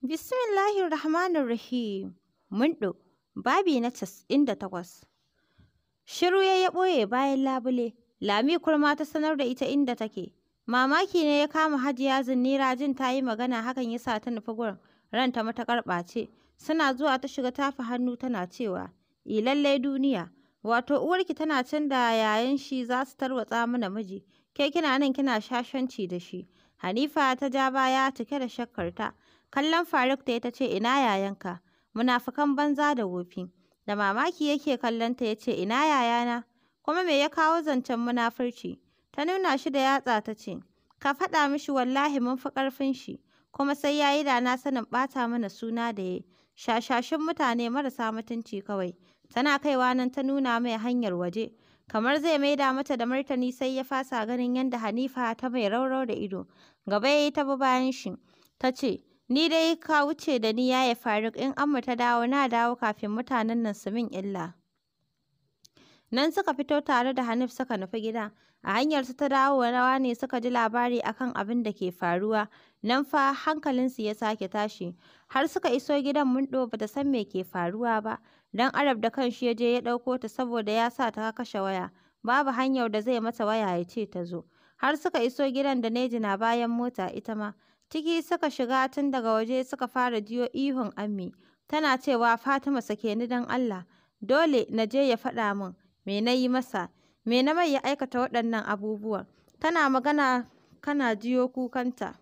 Bismillahir Rahmanir Rahim. Mundo, babi na da takwas. Shiru ya ya ɓoye bayan labule, Lami kurma ta sanar da ita inda take. Mamaki ne ya kama Hajiya Zinnira jin ta yi magana hakan ya sa ta nufi gurin, ranta matakar ɓace. Suna zuwa ta shiga tafa hannu tana cewa, I lallai duniya, wato uwarki tana can da yayan shi za su tarwatsa mana miji, ke kina nan kina shashanci da shi. Hanifa ta ja baya cike da shakkarta. ta. Kallon Faruk ta yi ta ce ina yayanka, munafukan banza da wofi. Da mamaki yake kallon ta ya ina yayana, kuma me ya kawo zancen munafurci. Ta nuna shi da yatsa ta ce, ka faɗa mishi wallahi mun fi ƙarfin shi, kuma sai ya yi da na sanin ɓata mana suna da ya shashashin mutane marasa mutunci kawai. Tana kaiwa nan ta nuna mai hanyar waje. kamar zai maida mata da martani sai ya fasa ganin yadda Hanifa ta mai raurau da ido. Gaba ya yi ta bayan shi, ta ce, Ni dai ka wuce da ni yaya Faruk in Amma ta dawo na dawo kafin mutanen nan su min illa. Nan suka fito tare da Hanif suka nufi gida. A hanyar su ta dawo, rawa ne suka ji labari akan abin da ke faruwa. Nan fa hankalinsu ya sake tashi. Har suka iso gidan Mundo bata san me ke faruwa ba. Dan Arab da kan shi ya je ya ɗauko ta saboda ya sa ta kashe waya. Babu hanyar da zai mata waya ya ce ta zo. Har suka iso gidan da Neji na bayan mota ita ma. Ciki suka shiga tun daga waje suka fara jiyo ihun Ammi, tana cewa Fatima sake ni don Allah, dole na je ya faɗa min, me na yi masa, me na mai ya aikata waɗannan abubuwan. Tana magana kana jiyo kukanta.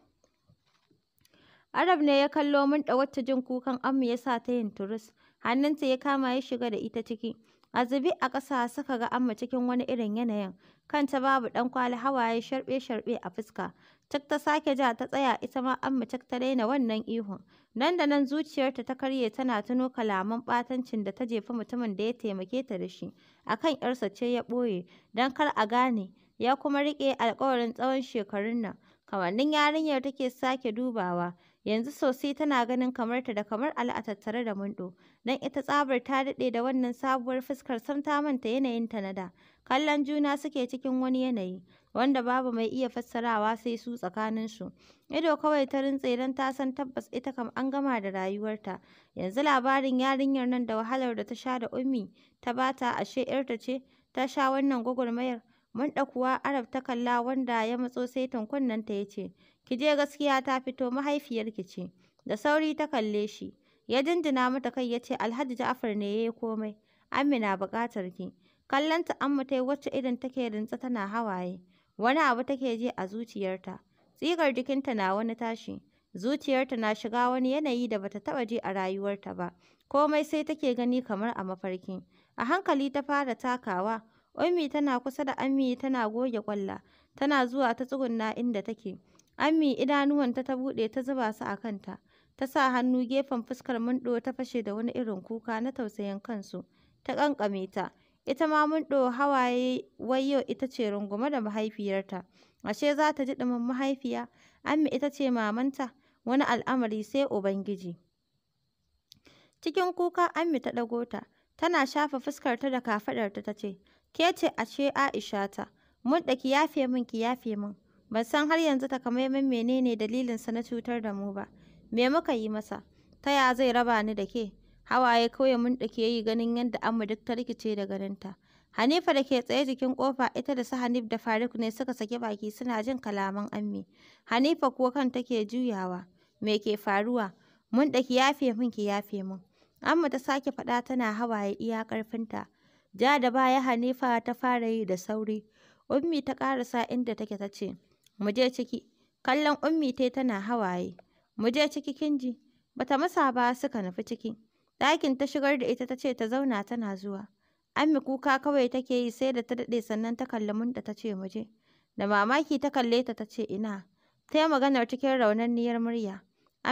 Arab ne ya kallo mun da wacce jin kukan Ammi ya sa ta yin turus, hannunta ya kama ya shiga da ita ciki. a zubi a ƙasa suka ga amma cikin wani irin yanayin kanta babu ɗan kwali hawaye sharɓe-sharɓe a fuska cak ta sake ja ta tsaya ita ma amma cak ta daina wannan ihun nan da nan zuciyarta ta karye tana tuno kalaman ɓatancin da ta jefa mutumin da ya taimake ta da shi akan yarsa ce ya ɓoye don kar a gane ya kuma riƙe alƙawarin tsawon shekarun nan kamannin yarinyar take sake dubawa Yanzu sosai tana ganin kamarta da kamar Ali a tattare da Mundo. Don ita tsabar ta daɗe da wannan sabuwar fuskar sam ta manta yanayinta na da. Kallon juna suke cikin wani yanayi, wanda babu mai iya fassarawa sai su tsakanin su Ido kawai ta rintse dan ta san tabbas ita kam an gama da rayuwarta. Yanzu labarin yarinyar nan da wahalar da ta sha da Ummi ta bata ashe 'yarta ce ta sha wannan gwagwarmayar. Mun kuwa Arab ta kalla wanda ya matso sai ta ya ce, ki je gaskiya ta fito mahaifiyarki ce da sauri ta kalle shi ya dindina mata kai ya ce alhaji ja'afar ne ya yi komai amina buƙatar ki kallon ta amma ta wacce irin take rintsa tana hawaye wani abu take je a zuciyarta tsigar jikinta na wani tashi zuciyarta na shiga wani yanayi da bata taɓa ji a rayuwarta ba komai sai take gani kamar a mafarki a hankali ta fara takawa ummi tana kusa da ammi tana goge kwalla tana zuwa ta tsugunna inda take Ammi idanuwanta ta buɗe ta zuba su a kanta. Ta sa hannu gefen fuskar Mundo ta fashe da wani irin kuka na tausayin kansu. Ta ƙanƙame ta. Ita ma Mundo hawaye wayo ita ce runguma da mahaifiyarta. Ashe za ta ji ɗumin mahaifiya. Ammi ita ce mamanta. Wani al'amari sai Ubangiji. Cikin kuka Ammi ta ɗago ta. Tana shafa fuskarta da kafaɗarta ta ce, Ke ce ashe Aisha ta. Mun ki yafe min ki yafe min. ban san har yanzu takamaiman menene dalilinsa na cutar da mu ba me muka yi masa ta ya zai raba ni da ke hawaye kawai mun dake yi ganin yadda amma duk ta rikice da ganinta hanifa da ke tsaye jikin kofa ita da su hanif da faruk ne suka saki baki suna jin kalaman ammi hanifa kuwa kan take juyawa me ke faruwa mun dake yafe min ki yafe min amma ta sake faɗa tana hawaye iya ƙarfinta ja da baya hanifa ta fara yi da sauri ummi ta sa inda take ta ce mu je ciki kallon ummi tai tana hawaye mu je ciki kinji bata musa ba suka nufi ciki ɗakin ta shigar da ita tace ta zauna tana zuwa ammi kuka kawai take yi sai da ta daɗe sannan ta kalli munda ta ce mu je da mamaki ta kalle ta ta ina ta yi maganar cikin raunanniyar murya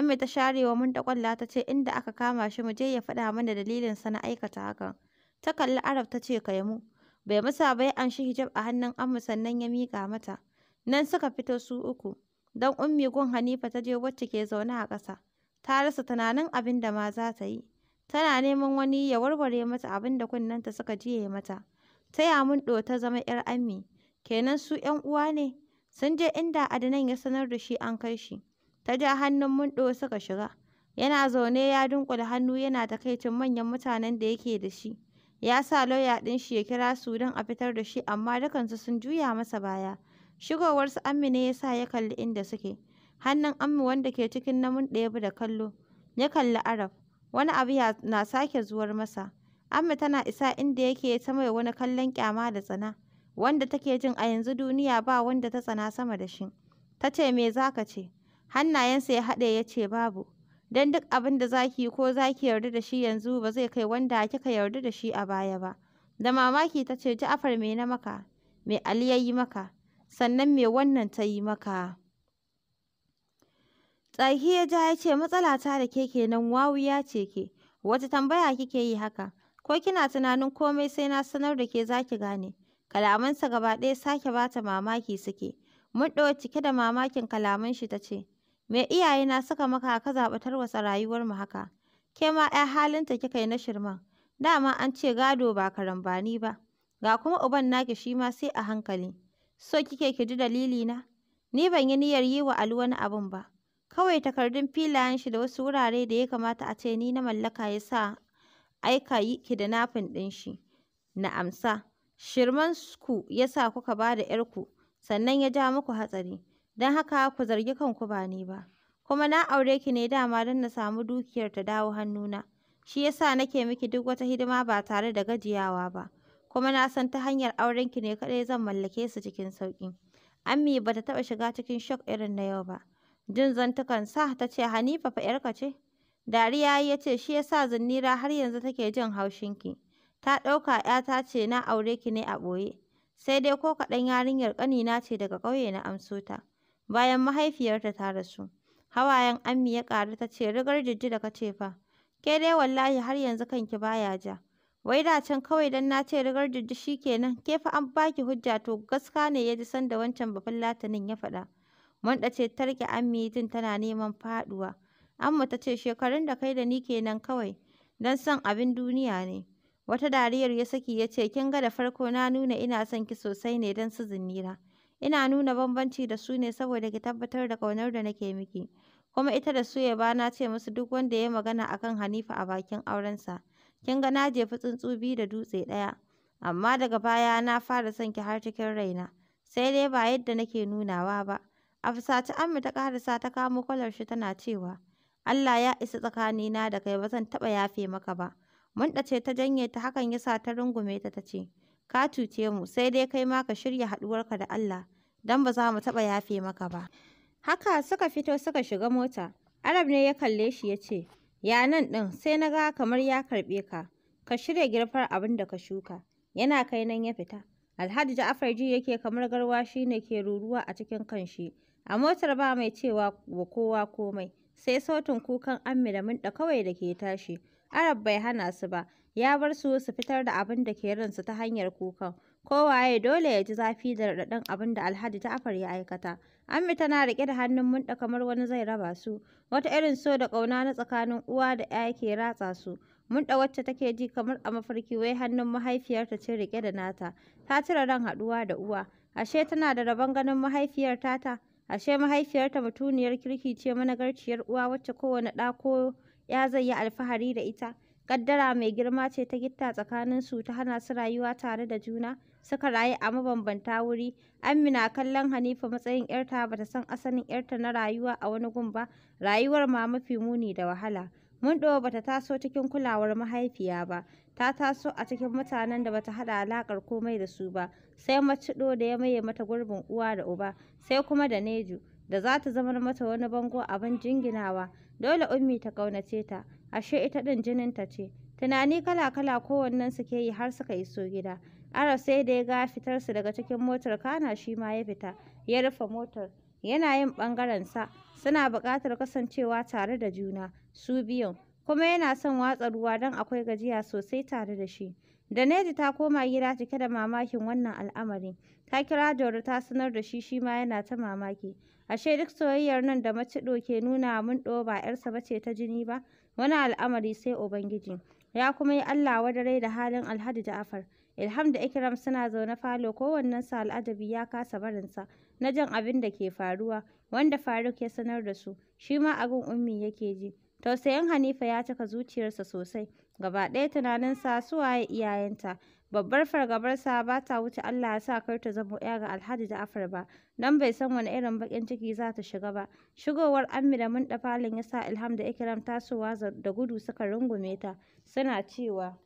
ammi ta sharewa munda kwalla ta ce inda aka kama shi mu je ya faɗa mana dalilin sa na aikata hakan ta kalli arab tace ce kai mu bai musa bai an shi hijab a hannun ammu sannan ya mika mata Nan suka fito su uku, don ummi gun Hanifa ta je wacce ke zaune a ƙasa. Ta rasa tunanin abin da ma za ta yi. Tana neman wani ya warware mata abin da kunnenta suka jiye mata. Taya mun ɗo ta zama 'yar ammi. Kenan su 'yan uwa ne. Sun je inda Adnan ya sanar da shi an kai shi. Ta ja hannun mun ɗo suka shiga. Yana zaune ya dunkule hannu yana takaicin manyan mutanen da yake da shi. Ya sa lauya ɗin shi ya kira su don a fitar da shi amma dukansu sun juya masa baya. Shigowar su Ammi ya sa ya kalli inda suke. Hannun Ammi wanda ke cikin na munɗebe da kallo, ya kalli Arab. Wani abu na sake zuwar masa. Ammi tana isa inda yake ta mai wani kallon kyama da tsana, wanda take jin a yanzu duniya ba wanda ta tsana sama da shi. Ta ce, me za ka ce? Hannayensa ya haɗe ya ce, babu. Don duk abin da zaki yi ko zaki yarda da shi yanzu ba zai kai wanda kika yarda da shi a baya ba. Da mamaki ta ce, Ja'afar me na maka? Me Ali ya yi maka? sannan me wannan ta yi maka? Tsaki ya ja ya ce matsalata da ke kenan ya ce ke, wata tambaya kike yi haka, ko kina tunanin komai sai na sanar da ke za ki gane. Kalamansa gaba ɗaya sake ba ta mamaki suke, Mun murɗowa cike da mamakin kalaman shi ta ce, Me iyaye na suka maka ka zaɓi rayuwar rayuwarmu haka, ke ma ‘ya halinta kika yi na shirman, dama an ce gado ba karambani ba, ga kuma uban naki shi ma sai a hankali. So kike ki ji dalilina? Ni ban yi niyyar yi wa Ali wani abin ba. Kawai takardun filayen shi da wasu wurare da ya kamata a ce ni na mallaka ya sa aika yi nafin ɗin shi. Na amsa, Shirman ku ya sa kuka ba da ‘yarku, sannan ya ja muku hatsari. Don haka ku zargi kanku ba ni ba. Kuma na aure ki ne dama don na samu dukiyar ta dawo hannuna. Shi ya sa nake miki duk wata hidima ba tare da gajiyawa ba. kuma na san ta hanyar aurenki ne kaɗai zan mallake su cikin sauƙi. Ammi ba ta taɓa shiga cikin shok irin na yau ba. Jin zantukan sa ta ce Hanifa fa ‘yarka ce? Dariya ya ce shi ya sa Zinnira har yanzu take jin haushinki. Ta ɗauka ‘yata ce na aure ki ne a ɓoye. Sai dai ko kaɗan yarinyar ƙanina ce daga ƙauye na amso ta. Bayan mahaifiyarta ta rasu. Hawayen Ammi ya ƙaru ta ce rigar jijji da ka ce fa. Ke dai wallahi har yanzu kanki baya ja. Wai da can kawai don na ce rigar jijji shi kenan, ke fa an baki hujja to gaska ne ya ji da wancan bafin latinin ya faɗa. Wanda ce ta riƙe tana neman faɗuwa. Amma ta ce shekarun da kai da ni kenan kawai, don son abin duniya ne. Wata dariyar ya saki ya ce kin ga da farko na nuna ina son ki sosai ne don su zinnira. Ina nuna bambanci da su ne saboda ki tabbatar da ƙaunar da nake miki. Kuma ita da su ya ba na ce musu duk wanda ya magana akan Hanifa a bakin aurensa. Kin ga na jefi tsuntsu biyu da dutse ɗaya. Amma daga baya na fara son ki har cikin raina. Sai dai ba yadda nake nunawa ba. A fusace Ammi ta ƙarasa ta kamo kwalar shi tana cewa, Allah ya isa tsakanina da kai ba zan taɓa yafe maka ba. Mun ɗace ta janye ta hakan ya sa ta rungume ta ta ce, Ka cuce mu sai dai kai ma ka shirya haɗuwarka da Allah don ba za mu taɓa yafe maka ba. Haka suka fito suka shiga mota. Arab ne ya kalle shi ya ce, Ya nan ɗin sai na ga kamar ya karɓe ka, ka shirya girfar abin da ka shuka. Yana kai nan ya fita. Alhaji Ja'afar ji yake kamar garwashi ne ke ruruwa a cikin kanshi. A motar ba mai cewa wa kowa komai, sai sautin kukan ammi da kawai da ke tashi. Arab bai hana su ba, ya bar su su fitar da abin da ke ransu ta hanyar kukan. Kowaye dole ya ji zafi da raɗaɗin abin da Alhaji Ja'far ya aikata. Ammi tana riƙe da hannun munɗa kamar wani zai raba su. Wata irin so da ƙauna na tsakanin uwa da ‘ya ke ratsa su. Munɗa wacce take ji kamar a mafarki wai hannun mahaifiyarta ce riƙe da nata. Ta cire ran haɗuwa da uwa. Ashe tana da rabon ganin mahaifiyar ta? Ashe mahaifiyarta mutuniyar kirki ce managarciyar uwa wacce kowane ɗa ko ya zai yi alfahari da ita. Ƙaddara mai girma ce ta gitta tsakanin su ta hana su rayuwa tare da juna. suka rayu a mabambanta wuri. Amina kallon Hanifa matsayin ‘yarta ba ta san asalin ‘yarta na rayuwa a wani gun ba, rayuwar ma mafi muni da wahala. Mundo ba ta taso cikin kulawar mahaifiya ba, ta taso a cikin mutanen da bata haɗa alaƙar komai da su ba, sai macido da ya maye mata gurbin uwa da uba, sai kuma da Neju, da za ta zama mata wani bango abin jinginawa, dole ummi ta ƙaunace ta, ashe ita ɗin jininta ce. Tunani kala-kala kowannensu ke yi har suka iso gida. Arab sai da ya ga fitarsa daga cikin motar kana shi ma ya fita, ya rufe motar. Yana yin ɓangarensa, suna buƙatar kasancewa tare da juna, su biyun. Kuma yana son watsa ruwa don akwai gajiya sosai tare da shi. Daneji ta koma gida cike da mamakin wannan al'amari. Ta kira Jauro ta sanar da shi shi ma yana ta mamaki. Ashe duk soyayyar nan da macido ke nuna mun ɗo ba 'yarsa ba ce ta jini ba, wani al'amari sai Ubangiji. Ya kuma yi Allah wadarai da halin Alhaji Ja'afar. Ilham da Ikram suna zaune falo kowannensu al'ajabi ya kasa barinsa na jan abin da ke faruwa wanda Faruk ya sanar da su shi ma abin ummi yake ji. Tausayin Hanifa ya cika zuciyarsa sosai gaba ɗaya tunaninsa su waye iyayenta babbar fargabarsa ba ta wuce Allah ya sa kar ta zama ya ga Alhaji Ja'far ba dan bai san wani irin bakin ciki za ta shiga ba shigowar Ammi da mun falon ya sa Ilham da Ikram tasowa da gudu suka rungume ta suna cewa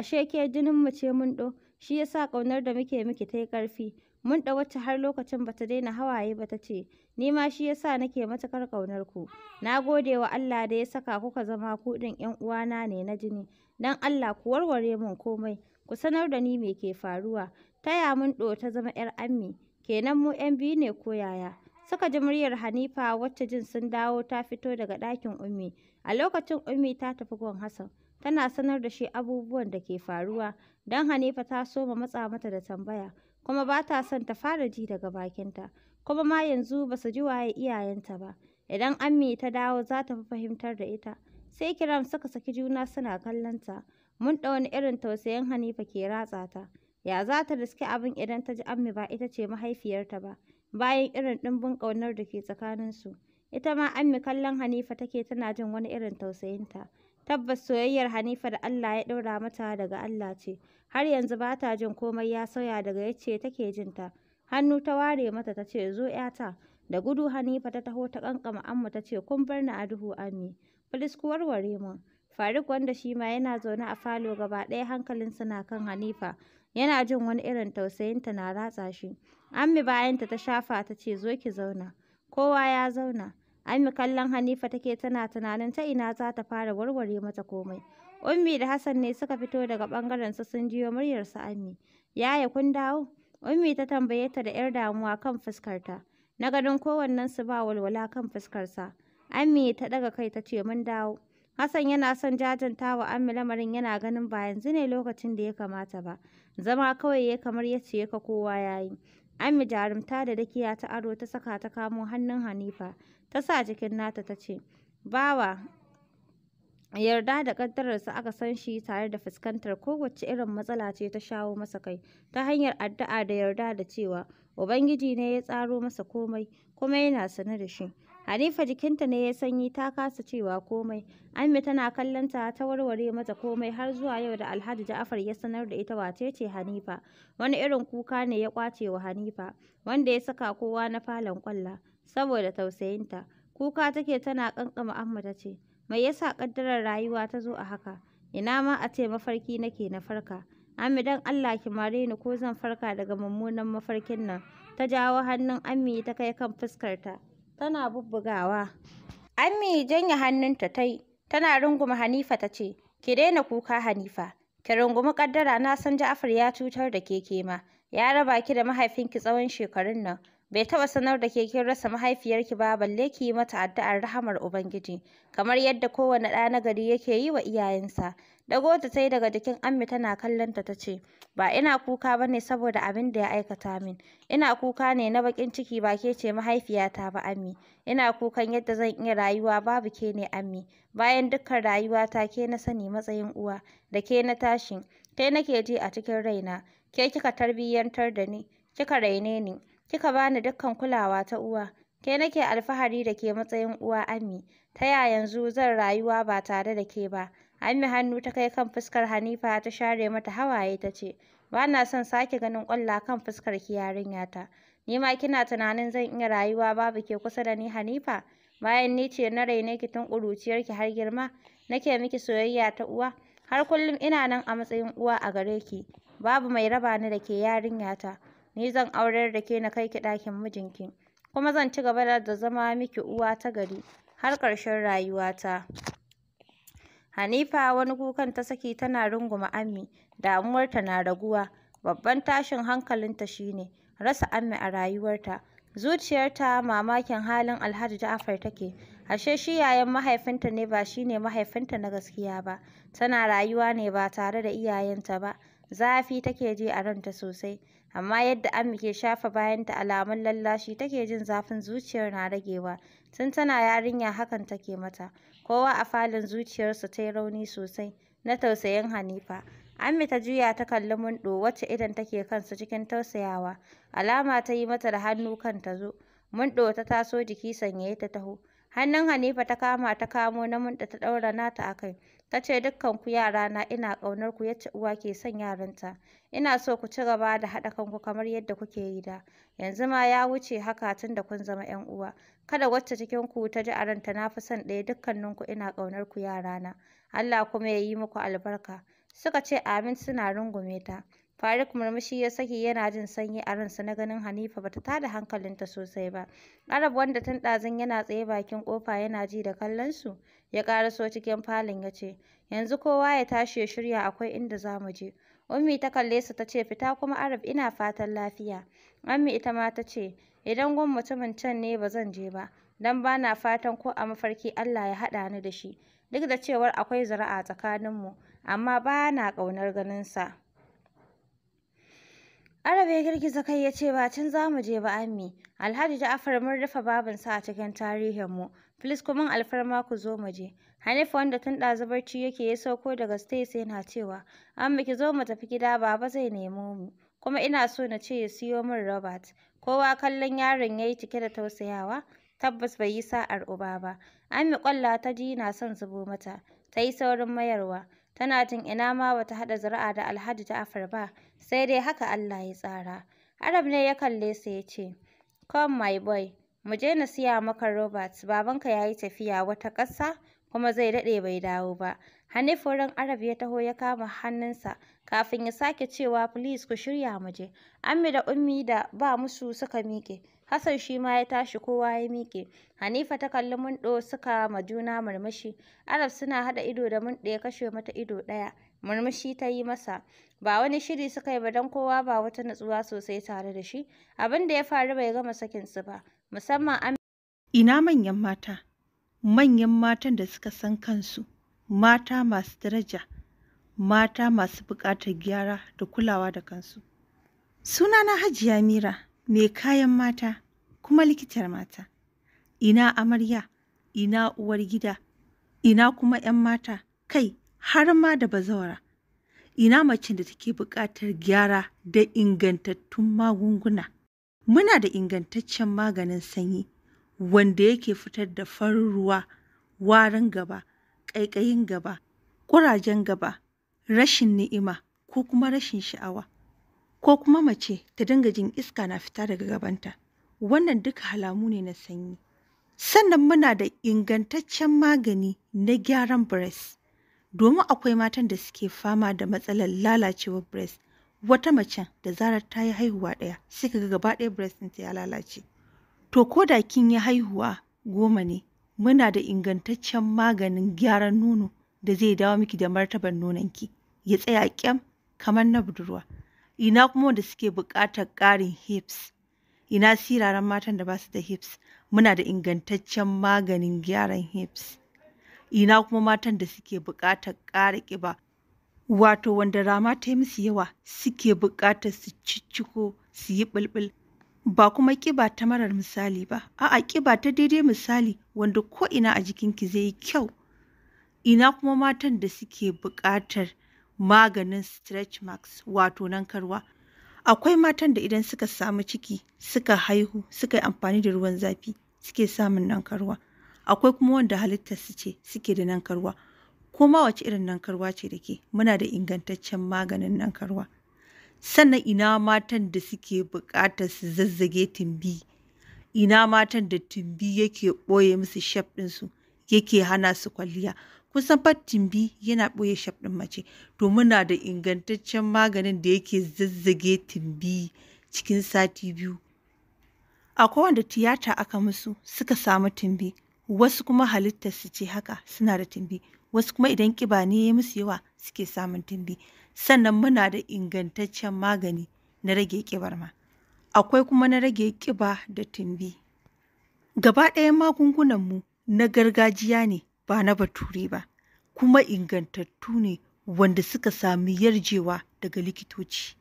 ashe ke jinin mu ce mun ɗo shi yasa ƙaunar da muke miki ta yi ƙarfi mun da wacce har lokacin bata daina hawaye ba ta ce ni ma shi yasa nake matuƙar ƙaunar ku na gode wa Allah da ya saka kuka zama ku ɗin ƴan uwana ne na jini dan Allah ku warware mun komai ku sanar da ni me ke faruwa taya mun ɗo ta zama 'yar ammi kenan mu ƴan biyu ne ko yaya Saka ji muryar Hanifa wacce jin sun dawo ta fito daga ɗakin Ummi a lokacin Ummi ta tafi gon Hassan tana sanar da shi abubuwan da ke faruwa don Hanifa ta soma matsa mata da tambaya kuma ba ta son ta fara ji daga bakinta kuma ma yanzu ba su ji waye iyayenta ba idan Ammi ta dawo za ta fi fahimtar da ita sai Kiram suka saki juna suna kallon ta mun da wani irin tausayin Hanifa ke ratsa ta ya za ta riske abin idan ta ji Ammi ba ita ce mahaifiyarta ba bayan irin ɗimbin ƙaunar da ke tsakaninsu ita ma Ammi kallon Hanifa take tana jin wani irin tausayinta. Tabbas soyayyar Hanifa da Allah ya ɗora mata daga Allah ce, har yanzu ba ta jin komai ya sauya daga yacce take jin ta. Hannu ta ware mata ta ce, zo ‘yata, da gudu Hanifa ta taho ta ƙanƙama amma ta ce, kun bar ni a duhu ami, filis ku warware mun. Faruk wanda shi ma yana zaune a falo gaba ɗaya hankalinsa na kan Hanifa, yana jin wani irin tausayinta na ratsa shi. Ammi bayanta ta shafa ta ce, zo ki zauna. Kowa ya zauna. Ammi kallon Hanifa take tana tunanin ta ina za ta fara warware mata komai. Ummi da Hassan ne suka fito daga bangaren su sun jiyo muryar su Ami. Yaya kun dawo? Ummi ta tambaye ta da 'yar damuwa kan fuskarta. Na ganin kowannen su ba walwala kan fuskarsa. Ami ta daga kai ta ce mun dawo. Hassan yana son jajanta wa ami lamarin yana ganin ba yanzu ne lokacin da ya kamata ba. Zama kawai ya kamar ya ce ka kowa yayi ami jarumta da dakiya ta aro ta saka ta kamo hannun Hanifa. ta sa jikin nata ta ce bawa yarda da ƙaddararsa aka san shi tare da fuskantar kowace irin matsala ce ta shawo masa kai ta hanyar addu'a da yarda da cewa ubangiji ne ya tsaro masa komai kuma yana sane da shi Hanifa jikinta ne ya sanyi ta kasa cewa komai. Ammi tana kallon ta ta warware mata komai har zuwa yau da Alhaji Ja'far ya sanar da ita wace ce Hanifa. Wani irin kuka ne ya kwace wa Hanifa wanda ya saka kowa na falon kwalla. saboda tausayinta kuka take tana ƙanƙama amma ta ce mai yasa ƙaddarar rayuwa ta zo a haka ina ma a ce mafarki nake na farka Ami dan Allah ki mare ni ko zan farka daga mummunan mafarkin nan ta jawo hannun Ami ta kai kan fuskarta tana bubbugawa Ami janye hannunta tai tana runguma Hanifa ta ce ki daina kuka Hanifa ki rungumi ƙaddara. na san Ja'far ya cutar da ke ke ma ya raba ki da mahaifinki tsawon shekarun nan bai taɓa sanar da ke rasa mahaifiyarki ba balle ki yi mata addu'ar rahamar ubangiji kamar yadda kowane ɗa na gari yake yi wa iyayensa dago ta sai daga jikin ammi tana kallon ta tace ba ina kuka bane saboda abin da ya aikata min ina kuka ne na bakin ciki ba ke ce mahaifiyata ba ammi ina kukan yadda zan iya rayuwa babu ke ne ammi bayan dukkan rayuwata ke na sani matsayin uwa da ke na tashi kai nake ji a cikin raina ke kika tarbiyyantar da ni kika raine ni Kika bani dukkan kulawa ta uwa. Ke nake alfahari da ke matsayin uwa Ami, Ta ya yanzu zan rayuwa ba tare da ke ba? Ami hannu ta kai kan fuskar Hanifa ta share mata hawaye ta ce, Ba na son sake ganin ƙwalla kan fuskar ki yarinyata. Ni ma kina tunanin zan iya rayuwa babu ke kusa da ni Hanifa? Bayan ni ce na raine ki tun ƙuruciyarki har girma, nake miki soyayya ta uwa. Har kullum ina nan a matsayin uwa a gare ki. Babu mai raba ni da ke yarinyata. ni zan aurar da ke na kai ki ɗakin mijinki kuma zan ci gaba da zama miki uwa ta gari har ƙarshen rayuwata Hanifa wani kukan ta saki tana runguma Ammi damuwarta na raguwa babban tashin hankalinta shine rasa Ammi a rayuwarta zuciyarta mamakin halin Alhaji Ja'far take ashe shi yayan mahaifinta ne ba shine mahaifinta na gaskiya ba tana rayuwa ne ba tare da iyayenta ba zafi take ji a ranta sosai amma yadda Ami ke shafa bayanta alamun lallashi take jin zafin zuciyar na ragewa tun tana yarinya hakan take mata kowa a falin zuciyarsa ta yi rauni sosai na tausayin Hanifa Ami ta juya ta kalli Mundo wacce idan take kansa cikin tausayawa alama ta yi mata da hannu kan ta zo Mundo ta taso jiki sanyaye ta taho hannun Hanifa ta kama ta kamo na Mundo ta ɗaura nata a Ta ce dukkanku yarana ina ƙaunar ku yacce uwa ke son yaranta. Ina so ku ci gaba da haɗa kanku kamar yadda kuke yi da. Yanzu ma ya wuce haka tun da kun zama 'yan uwa. Kada wacce cikin ku ta ji a ranta na fi son ɗaya dukkaninku ina ƙaunar ku yarana. Allah kuma ya yi muku albarka. Suka ce amin suna rungume ta. Faruk murmushi ya saki yana jin sanyi a ransa na ganin Hanifa bata tada hankalinta sosai ba. Arab wanda tun ɗazun yana tsaye bakin ƙofa yana ji da kallon su, ya ƙaraso cikin falon ya ce, yanzu kowa ya tashi ya shirya akwai inda za mu je. Ummi ta kalle su ta ce fita kuma Arab ina fatan lafiya. Ammi ita ma ta ce idan gun mutumin can ne ba zan je ba dan ba na fatan ko a mafarki Allah ya haɗa ni da shi duk da cewar akwai zuri'a tsakaninmu amma ba na ƙaunar ganinsa. Arabe ya girgiza kai ya ce ba can za mu je ba ammi. Alhaji afar mun rufe babansa a cikin mu. Please kuma alfarma ku zo mu je. Hanifa wanda tun ɗazubarci yake ya sauko daga stage yana cewa Amma ki zo mu tafi gida baba zai nemo mu. Kuma ina so na ce ya siyo min Robert. Kowa kallon yaron yayi cike da tausayawa. Tabbas bai yi sa'ar uba ba. Ammi kwalla ta ji na son zubo mata. Ta yi saurin mayarwa. tana jin ina ma bata haɗa zuri'a da Alhaji Ja'far ba sai dai haka Allah ya tsara Arab ne ya kalle sa ya ce come my boy mu je na siya maka Robert babanka yayi tafiya wata ƙasa kuma zai daɗe bai dawo ba Hanif wurin Arab ya taho ya kama hannunsa kafin ya sake cewa please ku shirya mu je Ammi da Ummi da ba musu suka miƙe Hassan shi ma ya tashi kowa ya miƙe. Hanifa ta kalli Mundo suka ma juna murmushi. Arab suna haɗa ido da Mundo ya kashe mata ido ɗaya. Murmushi ta yi masa. Ba wani shiri suka yi ba don kowa ba wata natsuwa sosai tare da shi. Abin da ya faru bai gama sakinsu ba. Musamman an Ina manyan mata, manyan matan da suka san kansu, mata masu daraja, mata masu buƙatar gyara da kulawa da kansu. Sunana Hajiya Mira. mai kayan mata kuma likitar mata. Ina amarya, ina uwar gida, ina kuma ‘yan mata, kai har ma da bazawara. Ina macen da take buƙatar gyara da ingantattun magunguna. Muna da ingantaccen maganin sanyi wanda yake fitar da farin ruwa, warin gaba, ƙaiƙayin gaba, ƙurajen gaba, rashin ni'ima ko kuma rashin sha'awa. ko kuma mace ta dinga jin iska na fita daga gabanta wannan duka halamu ne na sanyi sannan muna da ingantaccen magani na gyaran breast domin akwai matan da suke fama da matsalar lalacewar breast wata macen da zarar ta yi haihuwa ɗaya sai ka gaba ɗaya breast ɗinta ya lalace to ko da kin yi haihuwa goma ne muna da ingantaccen maganin gyaran nono da zai dawo miki da martaban nononki ya tsaya kyam kamar na budurwa ina kuma wanda suke buƙatar ƙarin hips ina siraran matan da ba su da hips muna da ingantaccen maganin gyaran hips ina kuma matan da suke buƙatar ƙara ƙiba wato wanda rama ta yi musu yawa suke buƙatar su cicciko su yi ɓulɓul ba kuma ƙiba ta marar misali ba a'a ƙiba ta daidai misali wanda ko ina a jikinki zai yi kyau ina kuma matan da suke buƙatar maganin stretch marks wato nankarwa. Akwai matan da idan suka samu ciki suka haihu suka yi amfani da ruwan zafi suke samun nankarwa. Akwai kuma wanda su ce suke da nankarwa. Koma wace irin nankarwa ce da ke muna da ingantaccen maganin nankarwa. Sannan ina matan da suke buƙatar su zazzage tumbi. Ina matan da tumbi yake ɓoye musu shaf ɗinsu yake hana su kwalliya. kusan fattin bi yana ɓoye shaf ɗin mace to muna da ingantaccen maganin da yake zazzage timbi cikin sati biyu A wanda tiyata aka musu suka samu timbi wasu kuma halittar su ce haka suna da timbi wasu kuma idan kiba ne ya musu yawa suke samun timbi sannan muna da ingantaccen magani na rage kibar ma akwai kuma na rage kiba da timbi gaba ɗayan magungunanmu na gargajiya ne ba na bature ba kuma ingantattu ne wanda suka sami yarjewa daga likitoci.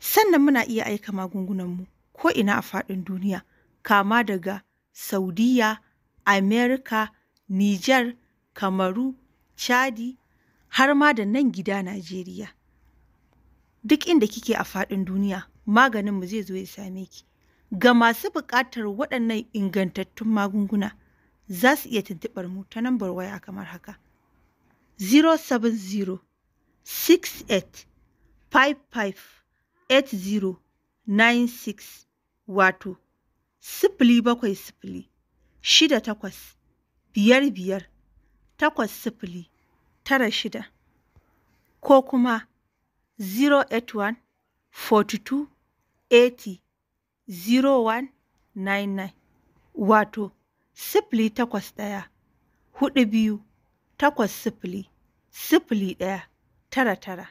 Sannan muna iya aika magungunanmu ko ina a faɗin duniya kama daga Saudiya, Amerika, Nijar, Kamaru, Chadi, har ma da nan gida Najeriya. Duk inda kike a faɗin duniya, maganinmu zai zo ya same ki. Ga masu buƙatar waɗannan ingantattun magunguna, za su iya tuntuɓar mu ta nambar waya kamar haka 070 68 55 80 96 wato sifili bakwai sifili shida takwas biyar biyar takwas sifili tara shida ko kuma 081 42 80 0199 wato sifili takwas ɗaya huɗu biyu takwas sifili sifili ɗaya tara tara